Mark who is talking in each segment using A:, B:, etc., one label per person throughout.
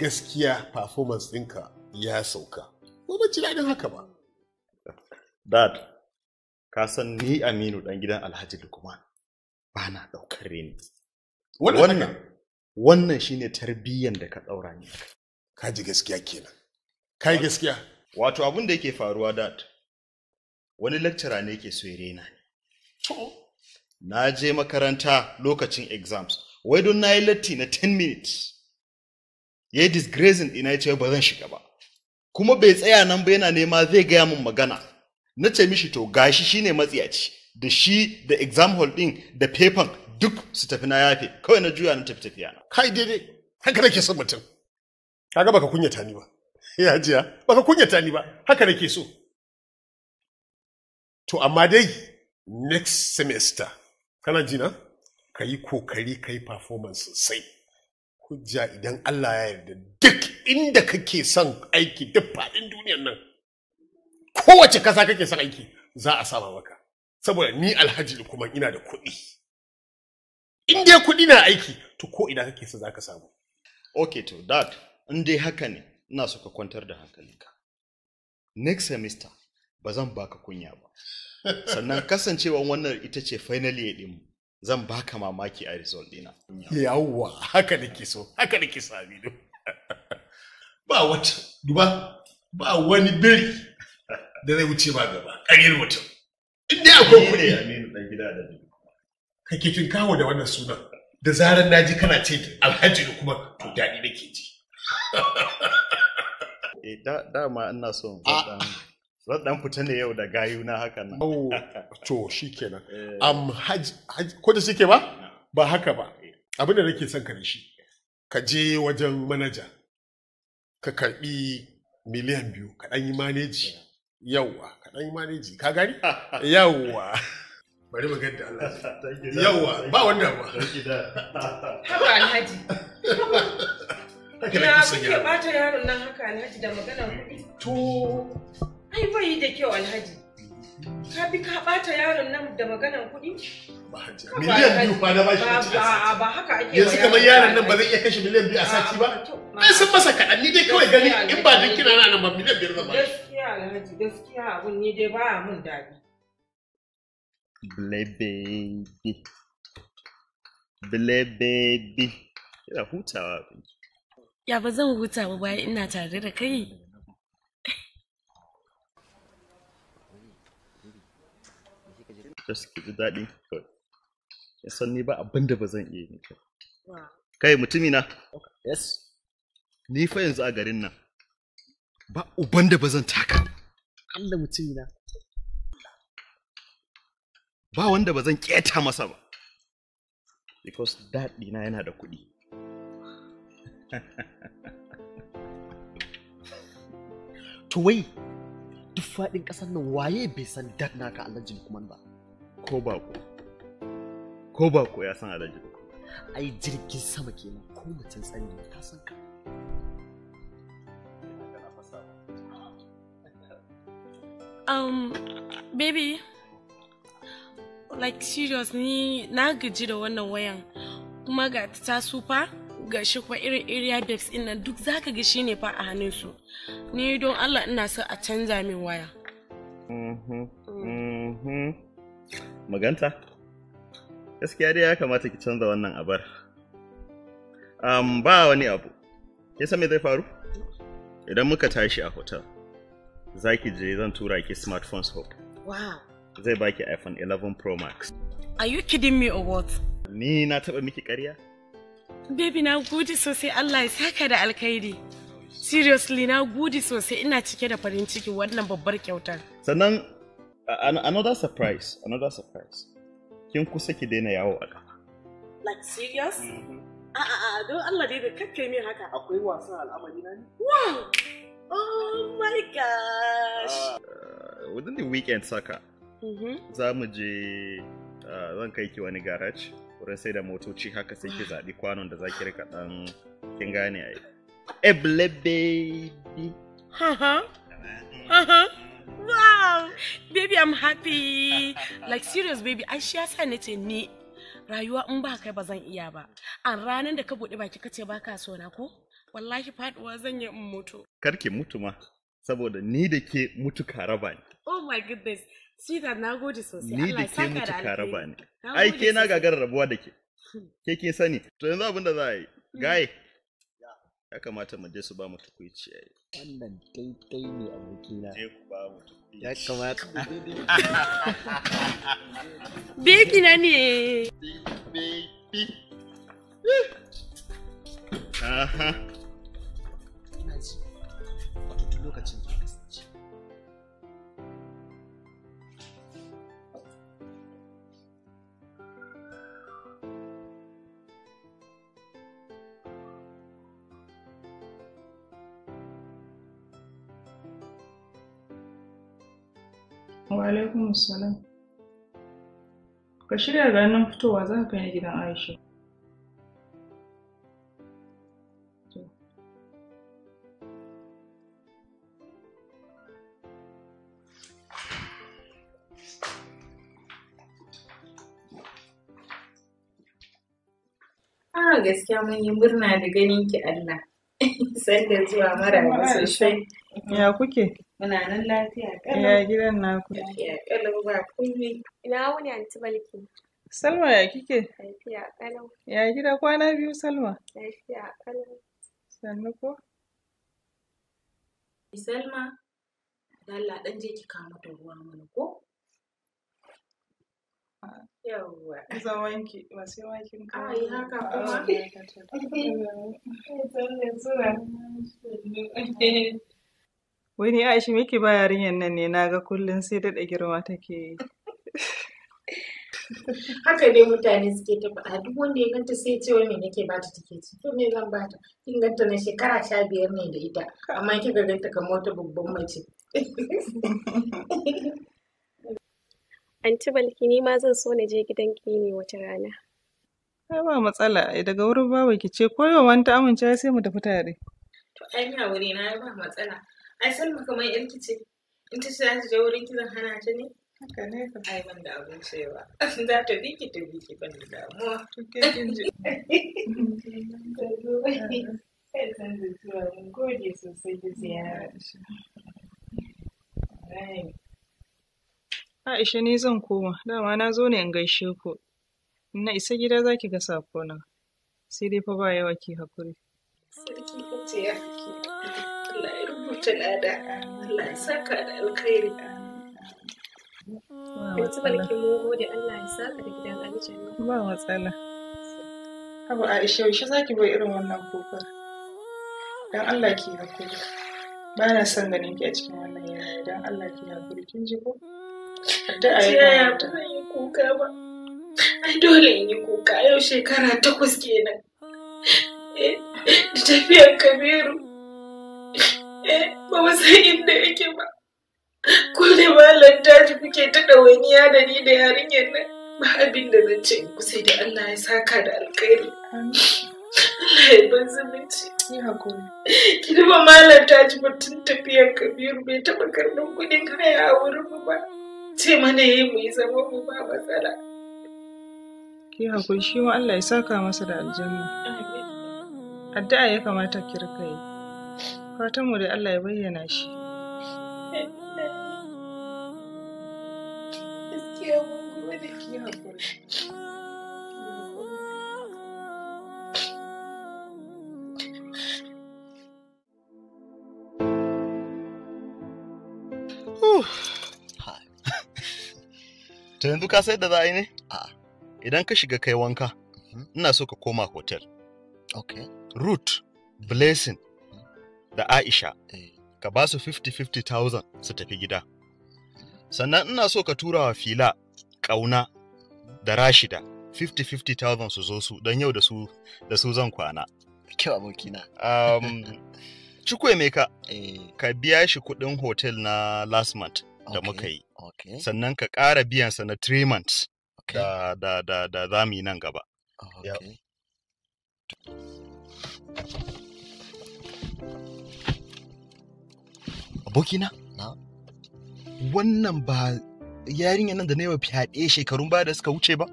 A: gaskiya performance ɗinka
B: ya sauka
A: ko ba ci daɗin haka ba
B: dad ka san ni aminu ɗan gidan alhaji lukman ba na ɗaukar reni wannan wannan ne tarbiyyan da ka ɗaura ni ka ji gaskiya kenan kai gaskiya wato abin da yake faruwa dad wani lecturer ne ke so rena ne. to na je makaranta lokacin exams wai don na yi latti na 10 minutes ya yi disgracing ina ce ba zan shiga ba kuma bai tsaya nan ba yana nema zai gaya min magana na ce mishi to gashi shine matsiyaci da shi da exam hall din da paper
A: duk su tafi na yafe kawai na juya na tafi tafiya na kai daidai haka nake son mutum kaga baka kunyata ni ba ya jiya baka kunyata ni ba haka nake so to amma dai next semester kana jina ka yi kokari ka yi performance sai hujja idan Allah ya yarda duk inda kake son aiki duk faɗin duniyan nan kowace kasa kake son aiki za a sama maka saboda ni alhaji kuma ina da kuɗi in dai kuɗi na aiki to ko ina kake za zaka samu okay to dat
B: in dai haka ne ina so ka kwantar da hankalinka next semester ba zan baka kunya ba sannan kasancewa wannan ita ce final year din zan baka mamaki a result dina yawwa haka nake so
A: haka nake so Aminu ba wata duba ba wani biri da zai wuce ba gaba ƙaryar mutum in dai akwai ne. Aminu ɗan gida da dubu kake fin kawo da wannan sunan da zarar ji kana ce alhaji da kuma to daɗi nake ji
B: eh dama ina son ah. faɗan zan dan fita ne
A: yau da gayu na haka nan oh, to shikenan eh. am haj ko da shike ba ba haka ba eh. abin da nake son ka da shi ka je wajen manaja ka karbi miliyan biyu ka dan yi maneji eh. yawwa ka dan yi maneji ka gani yawwa bari mu ganta Allah yawwa ba wanda ba
C: haka alhaji haba
A: ina ba bata
C: yaron nan haka alhaji da maganar kuɗi to Ai bai da kyau Alhaji. Ka bi ka ɓata yaron nan da maganar kuɗi?
A: Miliyan biyu ba da bashi Ba haka ake Yanzu kamar yaron nan ba zai iya kashe miliyan biyu a sati ba? Ah, Ai sun masa kaɗan ni dai kawai gani in ba dan kina nan ba miliyan biyar zan ba. Gaskiya Alhaji gaskiya abun ni
C: dai ba mun daɗi.
B: Blebebi. Blebebi. Ina hutawa.
C: Ya ba zan huta ba bayan ina tare da kai.
B: just ki ji daɗi kawai ya san ni ba abin da ba zan iya yi kai mutumi na yes ni fa yanzu a garin nan ba uban da ba zan taka
A: Allah mutumi na
B: ba wanda ba zan keta masa ba because daɗi na yana da kuɗi
A: to wai duk faɗin ƙasar nan waye bai san dad naka Allah jin kuma ba ko bako ko bako ya san alhaji ai jirgin sama kenan ko mutum tsani ta san ka
C: um baby like serious ni na gaji da wannan wayan kuma ga ta sufa ga shi kuma irin area babes din nan duk zaka ga shine fa a hannun su ni don Allah ina so a canza min waya
B: mhm mhm maganta gaskiya dai ya kamata ki canza wannan abar um, ba wani abu ke me zai faru idan muka tashi a hotel za ki je zan tura ki smartphone hope. wow zai baki iphone 11 pro max
C: are you kidding me or what
B: ni na taba miki karya
C: baby na gudi sosai allah ya saka da alkhairi seriously na gudi sosai ina cike da farin ciki wannan babbar kyautar
B: sannan another surprise another surprise kin kusa ki daina yawo a kafa
C: like serious a a a don Allah dai da kakkai min haka akwai wasan al'amari na ni? wow oh my gosh
B: uh, within the weekend saka mm-hmm. za mu je uh, zan kai ki wani garage wurin sai da motoci haka sai ki zaɓi kwanon da za ki rika ɗan kin gane ai eble baby ha ha ha ha wow
C: baby i'm happy like serious baby ai shi yasa nace ni rayuwa in ba kai ba zan iya ba an ranar da ka bude baki kace ba ka so na ko wallahi faduwa zan yi in mutu
B: karki mutu ma saboda ni da ke mutu karaba ne
C: oh my goodness sweetheart na gode sosai ni da ke mutu ka raba ni ai ke na
B: gagarar rabuwa da ke ke ke sani to yanzu abin da za a yi hmm. gaye ya kamata mu je su ba mu tukuici yi wannan daidai ne a bukina je ku ba mu tukuici ya kamata beki na
A: ne beki aha ina ji wato lokacin
C: alaikum salam. Ka shirya ranar fitowa za ka kai gidan Aisha. Ah, gaskiya mun yi murna da ganin ki Allah. da zuwa mara sosai. Ya kuke? Muna nan lafiya kalau. Ya gidan na ku. Lafiya kalau ba komai. Ina wuni anti Balki. Salma ya kike? Lafiya kalau. Ya gida kwana biyu Salma? Lafiya kalau. Sannu ko? Salma, Allah ɗan je ki kawo mata ruwa mana ko? Yawwa. Zaman wanki? ba sai wankin kin Ai haka kuma. Wani ni Aisha me ba yarinyar nan ne naga kullum sai daɗa girma take yi. Haka ne mutane suke ta faɗa duk wanda ya ganta sai ce wai me nake ba ta take ci to me zan ba ta kin ganta na shekara sha biyar ne da ita amma kika ganta kamar wata babban mace. Anti balki ni ma zan so na je gidan ki ne wata rana. Ai ba matsala daga wurin babu ki ce koyo wanta amince sai mu tafi tare. To ai ni a wuri na ba matsala. ai salma kamar yarki ce in ta ce za ta je wurin kiran hana ta ne haka ne ka ai ban da abin cewa za ta bi ki ta bi ki ban da damuwa Kan da zuwa mun gode sosai da ziyara. Aisha ne zan koma, dama na zo ne in gaishe ku. Na isa gida za ki sako na. sai dai fa ba yawa ki haƙuri. Sarki ce ya haƙuri. murtala Allah ya saka da alkhairi ba balki mun gode Allah ya saka da gidan aljanna. Ba matsala. Abu Aisha yaushe za ki bai irin wannan kofar? Dan Allah ki hakuri. Ba na son ganin ki a cikin wannan yanayi dan Allah ki hakuri kin ji ko?
A: Addu'a ya yi. Ta
C: yi kuka ba. Ai dole in yi kuka yau shekara takwas kenan. Eh, da tafiyar Kabiru. ba mu san inda yake ba ko da malam daji kuke ta ɗawainiya da ni da yarinyar nan ba abin da zan ce ku sai da Allah ya saka da alkhairi Allah ya ban zumunci ki duba malam daji mutum tafiyar kabiru bai taɓa karɓar kuɗin haya a wurin mu ba ce mana yayi mu yi zama mu ba matsala ki hakuri shi ma Allah ya saka masa da aljanna addu'a ya kamata ki yi fatan mu da Allah ya bayyana shi. Gaskiya
B: yanzu ka sai da za a yi ne? Idan ka shiga kai wanka, ina so ka koma hotel. Okay. Root, blessing, da Aisha ka ba su 50-50,000 su tafi gida. Sannan ina so ka tura wa fila ƙauna da Rashida 50-50,000 su zo su don yau da su zan kwana.
A: Kyau abokina.
B: Um, Cikwe mai ka, eh. ka biya shi kuɗin hotel na last month da muka yi. Sannan ka ƙara biyansa na three months da za mu yi nan gaba. Oh, okay. Yep. abokina wannan ba yarinyar nan da na yi wa fyaɗe shekarun ba da suka wuce ba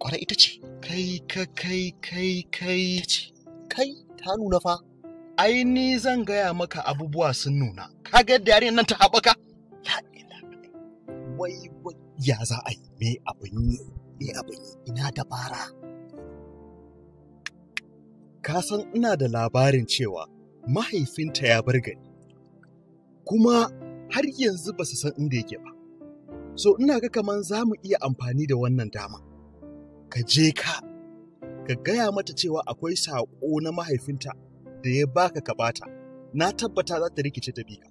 B: kwarai ita ce kai ka kai kai kai ce. kai ta nuna fa ai zan gaya maka abubuwa sun nuna ka ga yadda yarinyar nan ta haɓaka wai wai ya za a yi me abin yi me abin yi
A: ina dabara
B: ka san ina da labarin cewa mahaifinta ya bar gani, kuma har yanzu ba su san inda yake ba so ina ga kaman za mu iya amfani da wannan dama ka je ka ka gaya mata cewa akwai saƙo na mahaifinta da ya baka ka bata na tabbata za ta rikice ta ka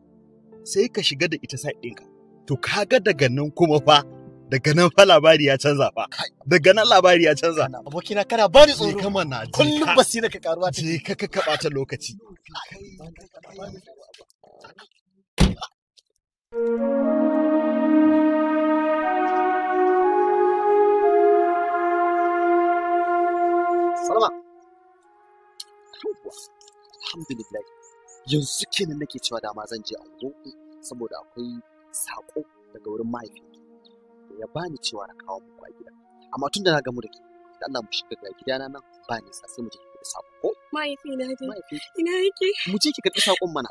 B: sai ka shiga da ita sa'inka to kaga daga nan kuma fa daga nan fa labari ya canza fa daga nan labari ya canza abokina kana bani tsoro kama na je kullum basira ka karuwa ta je ka kaka bata lokaci
A: Salama. Alhamdulillah. Yanzu kenan nake cewa dama zan je a saboda akwai sako daga wurin mahaifinki. ya bani cewa na kawo muku a gida amma tun da na gamu da ke da Allah mu shiga ga gidana nan ba nisa sai mu je ki da saƙo ko
C: mahaifi na je
A: ina yake mu je ki karɓi saƙon mana